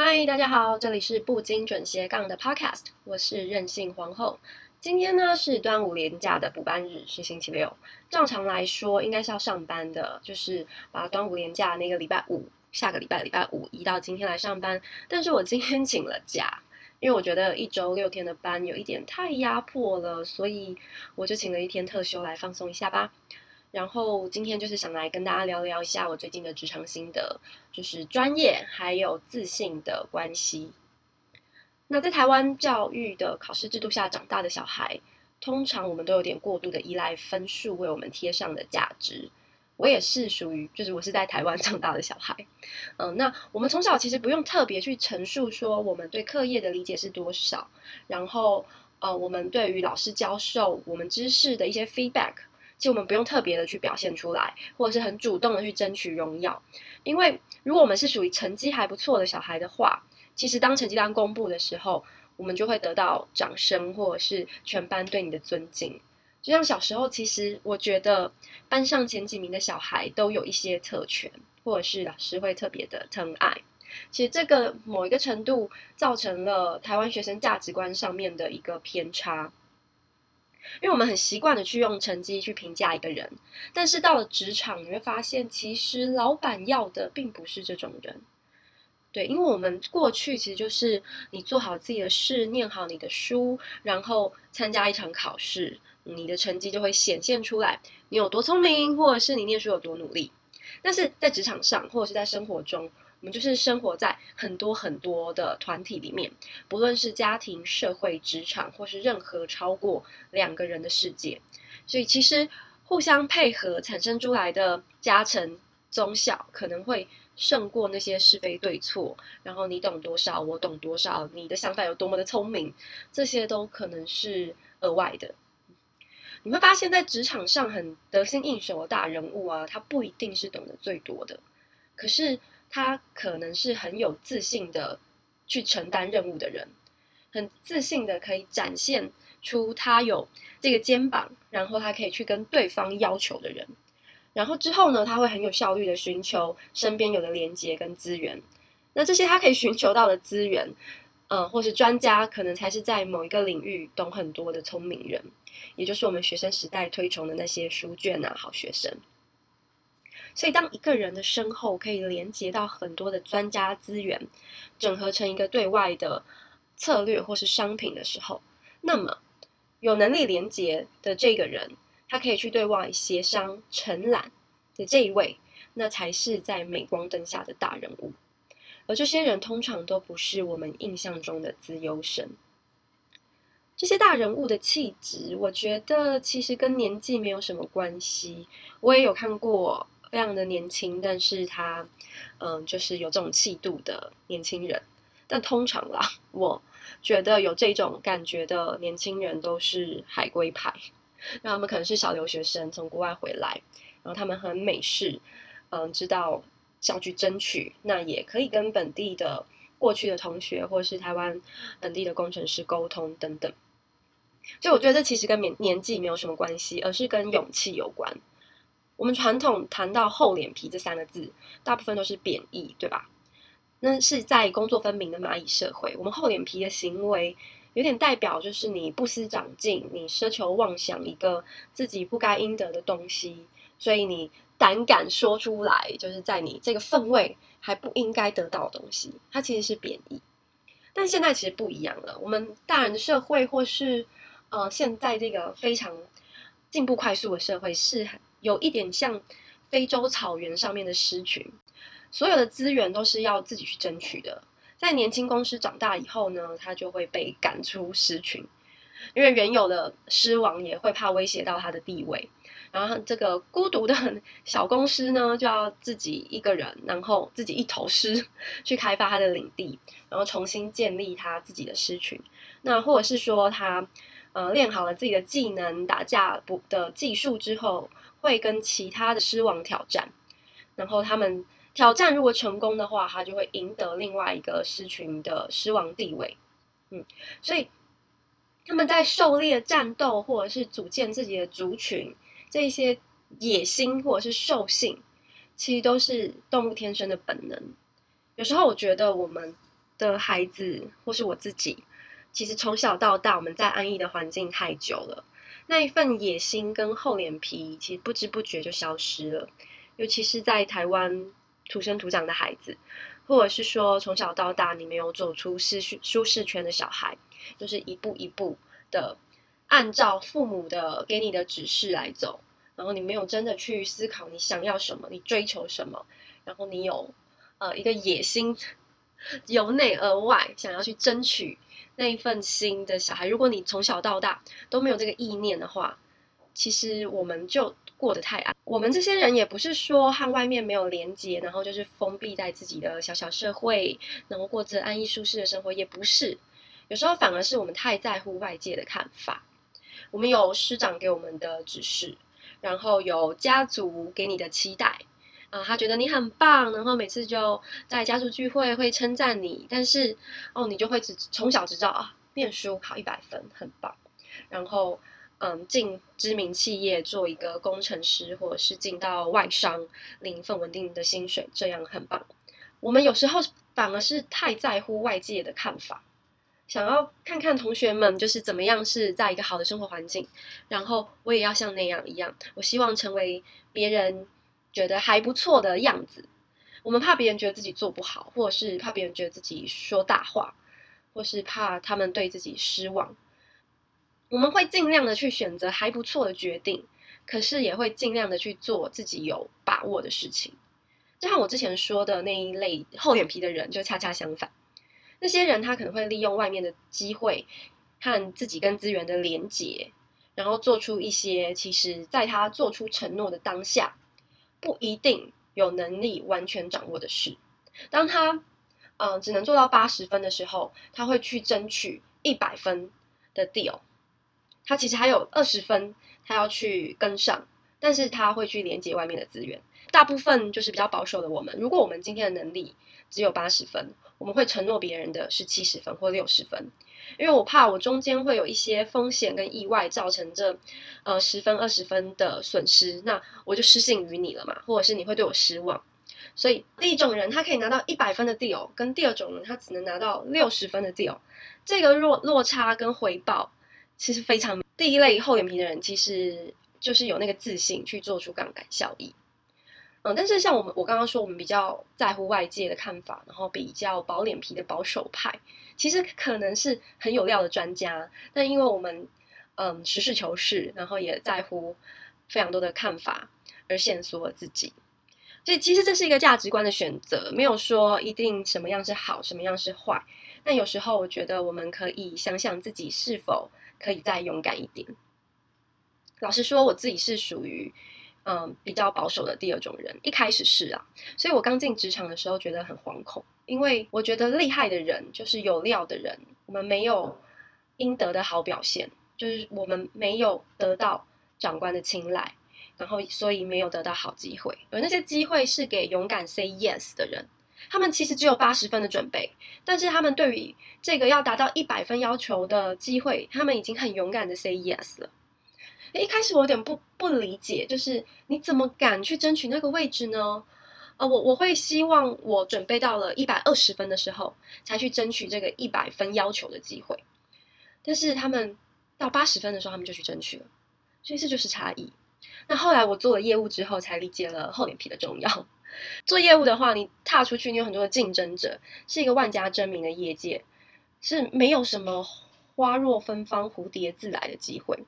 嗨，Hi, 大家好，這裡是不精準斜槓的 Podcast，我是任性皇後。今天呢是端午連假的補班日，是星期六。正常來說，應該是要上班的，就是把端午連假那個禮拜五，下個禮拜禮拜五移到今天來上班。但是我今天請了假，因為我覺得一周六天的班有一點太壓迫了，所以我就請了一天特休來放鬆一下吧。然後今天就是想來跟大家聊聊一下我最近的職場心得，就是專業還有自信的關係。那在台灣教育的考試制度下長大的小孩，通常我們都有點過度的依賴分數為我們貼上的價值。我也是屬於，就是我是在台灣長大的小孩。嗯、呃，那我們從小其實不用特別去陳述說我們對課業的理解是多少，然後呃，我們對於老師教授我們知識的一些 feedback。就我們不用特別的去表現出來，或者是很主動的去爭取榮耀，因為如果我們是屬於成績還不錯的小孩的話，其實當成績單公布的時候，我們就會得到掌聲，或者是全班對你的尊敬。就像小時候，其實我覺得班上前幾名的小孩都有一些特權，或者是老師會特別的疼愛。其實這個某一個程度造成了台灣學生價值觀上面的一個偏差。因為我們很習慣的去用成績去評價一個人，但是到了職場，你會發現，其實老闆要的並不是這種人。對，因為我們過去其實就是你做好自己的事，念好你的書，然後參加一場考試，你的成績就會顯現出來，你有多聰明，或者是你念書有多努力。但是在職場上，或者是在生活中，我們就是生活在很多很多的團體裡面，不論是家庭、社會、職場，或是任何超過兩個人的世界。所以，其實互相配合產生出來的加成、綜效，可能會勝過那些是非對錯。然後，你懂多少，我懂多少，你的想法有多麽的聰明，這些都可能是額外的。你會發現，在職場上很得心應手的大人物啊，他不一定是懂得最多的，可是……他可能是很有自信的去承擔任務的人，很自信的可以展現出他有這個肩膀，然後他可以去跟對方要求的人。然後之後呢，他會很有效率的尋求身邊有的連接跟資源。那這些他可以尋求到的資源，呃，或是專家，可能才是在某一個領域懂很多的聰明人，也就是我們學生時代推崇的那些書卷啊，好學生。所以，當一個人的身後可以連接到很多的專家資源，整合成一個對外的策略或是商品的時候，那麼有能力連接的這個人，他可以去對外協商承攬的這一位，那才是在鎂光燈下的大人物。而這些人通常都不是我們印象中的資優生。這些大人物的氣質，我覺得其實跟年紀沒有什麼關係。我也有看過。非常的年輕，但是他，嗯，就是有這種氣度的年輕人。但通常啦，我覺得有這種感覺的年輕人都是海歸派，那他們可能是小留學生從國外回來，然後他們很美式，嗯，知道想去爭取，那也可以跟本地的過去的同學或是台灣本地的工程師溝通等等。所以我覺得這其實跟年年紀沒有什麼關係，而是跟勇氣有關。我們傳統談到“厚臉皮”這三個字，大部分都是貶義，對吧？那是在工作分明的螞蟻社會，我們厚臉皮的行為，有點代表就是你不思長進，你奢求妄想一個自己不該應得的東西，所以你膽敢說出來，就是在你這個份位還不應該得到的東西，它其實是貶義。但現在其實不一樣了，我們大人的社會，或是呃，現在這個非常進步快速的社會，是。有一點像非洲草原上面的獅群，所有的資源都是要自己去爭取的。在年輕公獅長大以後呢，他就會被趕出獅群，因為原有的獅王也會怕威脅到他的地位。然後這個孤獨的小公獅呢，就要自己一個人，然後自己一頭獅去開發他的領地，然後重新建立他自己的獅群。那或者是說他呃練好了自己的技能，打架不的技術之後。會跟其他的獅王挑戰，然後他們挑戰如果成功的話，他就會贏得另外一個獅群的獅王地位。嗯，所以他們在狩獵、戰鬥或者是組建自己的族群，這一些野心或者是獸性，其實都是動物天生的本能。有時候我覺得我們的孩子或是我自己，其實從小到大我們在安逸的環境太久了。那一份野心跟厚臉皮，其實不知不覺就消失了。尤其是在台灣土生土長的孩子，或者是說從小到大你沒有走出舒適舒適圈的小孩，就是一步一步的按照父母的給你的指示來走，然後你沒有真的去思考你想要什麼，你追求什麼，然後你有呃一個野心，由內而外想要去爭取。那一份心的小孩，如果你從小到大都沒有這個意念的話，其實我們就過得太安。我們這些人也不是說和外面沒有連接，然後就是封閉在自己的小小社會，然後過着安逸舒適的生活，也不是。有時候反而是我們太在乎外界的看法，我們有師長給我們的指示，然後有家族給你的期待。啊，他覺得你很棒，然後每次就在家族聚會會稱讚你，但是哦，你就會只從小只知道啊，念書考一百分很棒，然後嗯，進知名企業做一個工程師，或者是進到外商領一份穩定的薪水，這樣很棒。我們有時候反而是太在乎外界的看法，想要看看同學們就是怎麼樣是在一個好的生活環境，然後我也要像那樣一樣，我希望成為別人。覺得還不錯的樣子，我們怕別人覺得自己做不好，或是怕別人覺得自己說大話，或是怕他們對自己失望，我們會盡量的去選擇還不錯的決定，可是也會盡量的去做自己有把握的事情。就像我之前說的那一類厚臉皮的人，就恰恰相反，那些人他可能會利用外面的機會和自己跟資源的連結，然後做出一些其實在他做出承諾的當下。不一定有能力完全掌握的事，當他嗯、呃、只能做到八十分的時候，他會去爭取一百分的 deal。他其實還有二十分他要去跟上，但是他會去連接外面的資源。大部分就是比較保守的我們，如果我們今天的能力只有八十分。我們會承諾別人的是七十分或六十分，因為我怕我中間會有一些風險跟意外造成這呃十分二十分的損失，那我就失信於你了嘛，或者是你會對我失望。所以第一種人他可以拿到一百分的 deal，跟第二種人他只能拿到六十分的 deal，這個落落差跟回報其實非常。第一類厚臉皮的人其實就是有那個自信去做出槓桿效益。嗯、但是，像我們，我剛剛說，我們比較在乎外界的看法，然後比較薄臉皮的保守派，其實可能是很有料的專家。但因為我們，嗯，實事求是，然後也在乎非常多的看法，而限縮了自己。所以，其實這是一個價值觀的選擇，沒有說一定什麼樣是好，什麼樣是壞。但有時候，我覺得我們可以想想自己是否可以再勇敢一點。老實說，我自己是屬於。嗯，比較保守的第二種人，一開始是啊，所以我剛進職場的時候覺得很惶恐，因為我覺得厲害的人就是有料的人，我們沒有應得的好表現，就是我們沒有得到長官的青睞，然後所以沒有得到好機會。而那些機會是給勇敢 say yes 的人，他們其實只有八十分的準備，但是他們對於這個要達到一百分要求的機會，他們已經很勇敢的 say yes 了。誒，一開始我有點不不理解，就是你怎麼敢去爭取那個位置呢？呃，我我會希望我準備到了一百二十分的時候才去爭取這個一百分要求的機會。但是他們到八十分的時候，他們就去爭取了，所以這就是差異。那後來我做了業務之後，才理解了厚臉皮的重要。做業務的話，你踏出去，你有很多的競爭者，是一個萬家爭鳴的業界，是沒有什麼花若芬芳，蝴蝶自來的機會。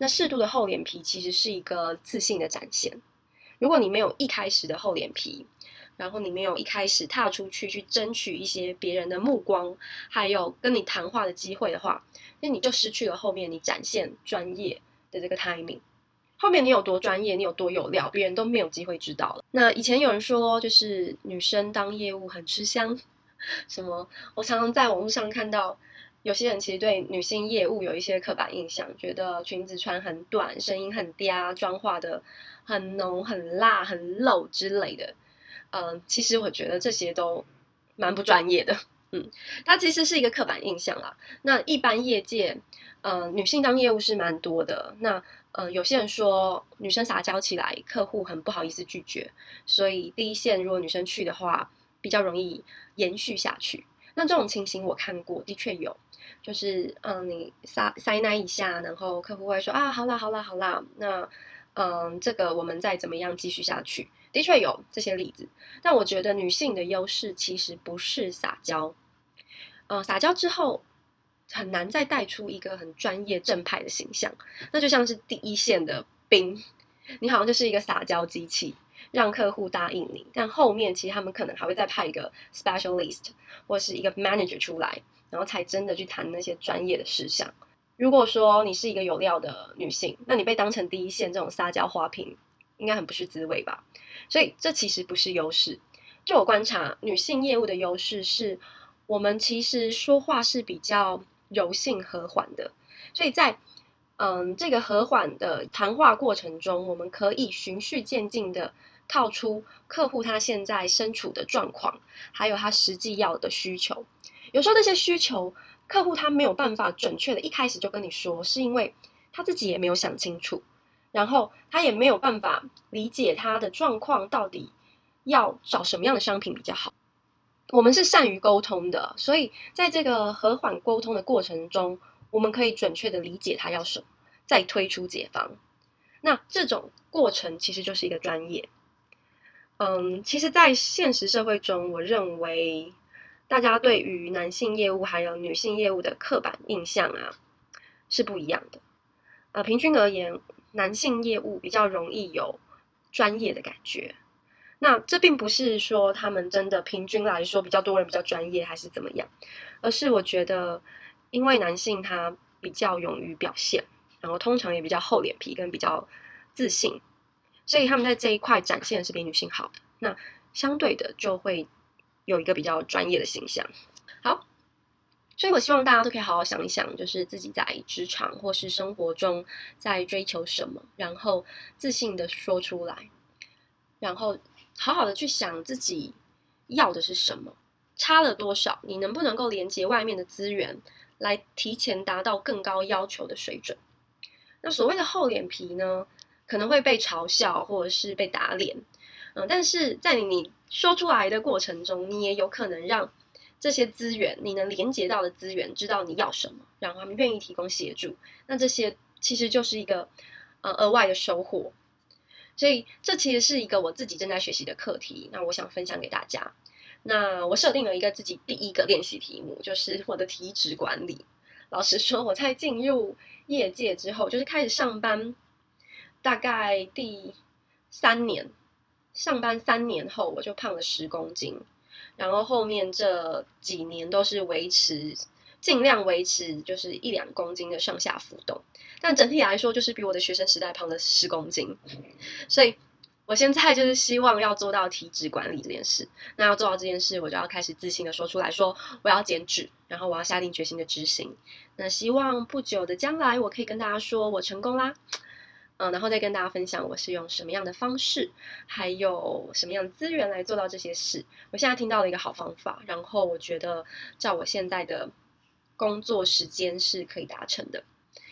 那適度的厚臉皮其實是一個自信的展現。如果你沒有一開始的厚臉皮，然後你沒有一開始踏出去去爭取一些別人的目光，還有跟你談話的機會的話，那你就失去了後面你展現專業的這個 timing。後面你有多專業，你有多有料，別人都沒有機會知道了。那以前有人說，就是女生當業務很吃香，什麼？我常常在網絡上看到。有些人其實對女性業務有一些刻板印象，覺得裙子穿很短，聲音很嗲，妝化的很濃、很辣、很露之類的。嗯、呃，其實我覺得這些都蠻不專業的。嗯，它其實是一個刻板印象啦。那一般業界，嗯、呃，女性當業務是蠻多的。那嗯、呃，有些人說女生撒嬌起來，客戶很不好意思拒絕，所以第一線如果女生去的話，比較容易延續下去。那這種情形我看過，的確有。就是嗯，你撒塞那一下，然後客戶會說啊，好啦好啦好啦，那嗯，這個我們再怎麼樣繼續下去。的確有這些例子，但我覺得女性的優勢其實不是撒嬌。嗯，撒嬌之後很難再帶出一個很專業正派的形象，那就像是第一線的兵，你好像就是一個撒嬌機器，讓客戶答應你，但後面其實他們可能還會再派一個 specialist 或是一個 manager 出來。然後才真的去談那些專業的事項。如果說你是一個有料的女性，那你被當成第一線這種撒嬌花瓶，應該很不是滋味吧？所以這其實不是優勢。就我觀察，女性業務的優勢是我們其實說話是比較柔性、和緩的，所以在嗯這個和緩的談話過程中，我們可以循序漸進的套出客戶他現在身處的狀況，還有他實際要的需求。有時候這些需求客戶他沒有辦法準確的一開始就跟你說，是因為他自己也沒有想清楚，然後他也沒有辦法理解他的狀況到底要找什麼樣的商品比較好。我們是善於溝通的，所以在這個和緩溝通的過程中，我們可以準確的理解他要什麼，再推出解方。那這種過程其實就是一個專業。嗯，其實在現實社會中，我認為。大家對於男性業務還有女性業務的刻板印象啊，是不一樣的。呃，平均而言，男性業務比較容易有專業的感覺。那這並不是說他們真的平均來說比較多人比較專業還是怎麼樣，而是我覺得，因為男性他比較勇於表現，然後通常也比較厚臉皮跟比較自信，所以他們在這一塊展現是比女性好的。那相對的就會。有一個比較專業的形象，好，所以我希望大家都可以好好想一想，就是自己在職場或是生活中在追求什麼，然後自信地說出來，然後好好的去想自己要的是什麼，差了多少，你能不能夠連接外面的資源來提前達到更高要求的水準？那所謂的厚臉皮呢，可能會被嘲笑或者是被打臉。嗯，但是在你說出來的過程中，你也有可能讓這些資源，你能連接到的資源，知道你要什麼，然後他們願意提供協助。那這些其實就是一個呃額外的收穫。所以這其實是一個我自己正在學習的課題。那我想分享給大家。那我設定了一個自己第一個練習題目，就是我的體脂管理。老實說，我在進入業界之後，就是開始上班大概第三年。上班三年後，我就胖了十公斤，然後後面這幾年都是維持，盡量維持就是一兩公斤的上下浮動，但整體來說就是比我的學生時代胖了十公斤，所以我現在就是希望要做到體脂管理這件事，那要做到這件事，我就要開始自信的說出來說我要減脂，然後我要下定決心的執行，那希望不久的將來，我可以跟大家說我成功啦。嗯，然後再跟大家分享我是用什麼樣的方式，還有什麼樣的資源來做到這些事。我現在聽到了一個好方法，然後我覺得照我現在的工作時間是可以達成的。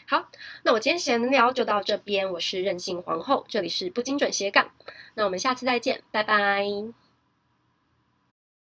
好，那我今天閒聊就到這邊。我是任性皇後，這裡是不精準斜槓。那我們下次再見，拜拜。